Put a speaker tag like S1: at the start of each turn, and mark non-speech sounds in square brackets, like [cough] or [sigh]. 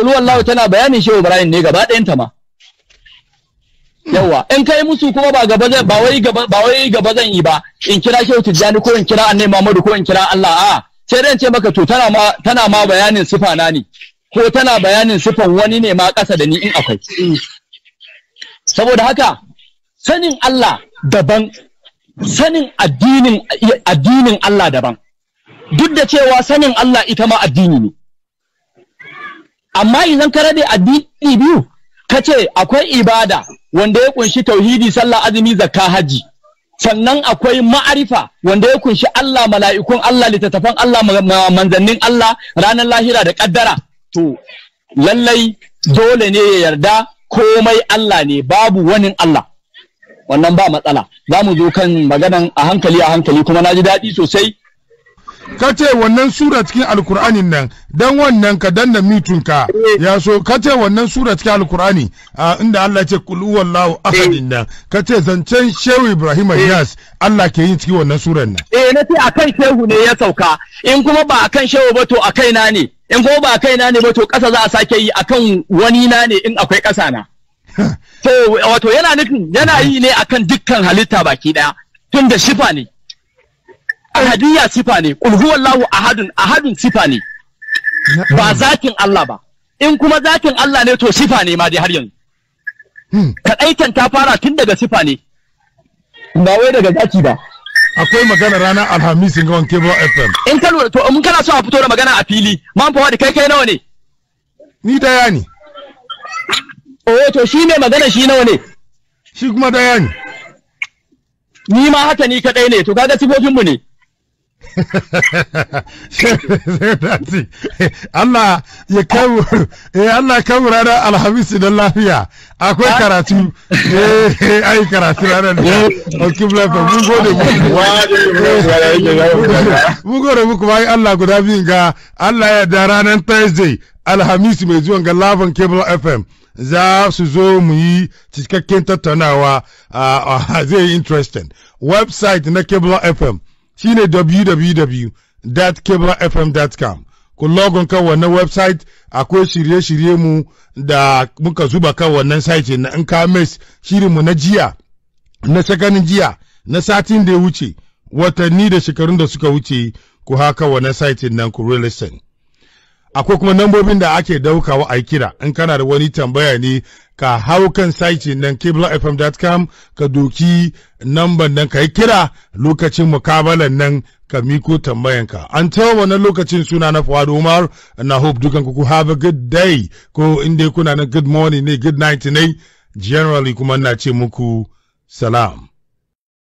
S1: Ulwallahu tana bayanin Shehu Ibrahim ne gaba ɗayan ta ma. Yawwa, in kai musu kuma ba gaba zan ba wai gaba zan yi ba. In kira Shehu Tijjani ko in kira Annabi Muhammadu ko in kira Allah a sai dai in ce maka to tana ma bayanin sifa na ne. Ko tana bayanin sifan wani ne ma ƙasa da ni in akwai. Saboda haka sanin Allah daban sanin addinin Allah daban. Duk da cewa sanin Allah ita ma addini ne. amma idan ka rabe addini biyu ka ce akwai ibada wanda ya kunshi tauhidi sallah azumi zakka haji sannan akwai ma'arifa wanda ya kunshi Allah mala'ikun Allah littattafan Allah manzannin Allah ranar lahira da kaddara to lallai dole ne ya yarda komai Allah ne babu wani Allah wannan ba matsala za mu zo kan maganan a hankali a hankali kuma na ji daɗi sosai
S2: ka ce wannan sura cikin alkur'anin nan dan wannan ka danna mitunka eh. ya so ka ce wannan sura cikin alkur'ani inda Allah ce kul huwallahu ahadin eh. nan ka ce zancen shehu ibrahim eh. yas Allah ke yin cikin wannan suran nan eh na ce akan shehu
S1: ne ya sauka in kuma ba akan shehu ba to akai na ne in kuma ba akai na ne ba to kasa za a sake yi akan wani na ne in akwai kasa na [laughs] to wato yana nufin yana yi ne akan dukkan halitta baki daya tun da shifa ne ahadiyya sifa ne kul huwallahu ahadun ahadun sifa ne ba hmm. zakin Allah ba in kuma zakin Allah ne to sifa ne ma dai har yanzu hmm. kadaitan ta fara tun daga sifa ne ba wai daga zaki ba akwai magana ranar alhamis in wanke ba fm in ka lura to mun kana so a fito da magana a fili man fa da kai kai nawa ne ni daya ne oh to shi ne magana shi nawa ne shi kuma daya ne ni ma haka ni kadai ne to kaga sifofin mu ne [laughs]
S2: Allah ya kawo eh Allah kawo ranar alhamis don lafiya akwai karatu eh ai karatu ranar da alkibla fa mun gode muku mun gode muku bai Allah guda biyun ga Allah ya da ranar Thursday alhamis mai zuwan ga Laban Cable FM za su zo mu yi cikakken tattaunawa a ah, ah, zai yi interesting website na Cable FM shine www.kebrafm.com ku logon kan wannan website akwai shirye-shirye mu da muka zuba kan wannan site na in ka shirin na jiya na tsakanin jiya na satin da ya wuce watanni da shekarun da suka wuce ku haka wannan site nan ku real estate akwai kuma nambobin da ake daukawa a kira in kana da wani tambaya ne ka hau kan saiti nan kiblafm.com ka doki namban nan ka yi kira lokacin mukabalan nan ka miko tambayanka an tawa wannan lokacin suna na Fuad Umar na hope dukan ku have a good day ko inda kuna na good morning ne good night ne generally kuma na ce muku salam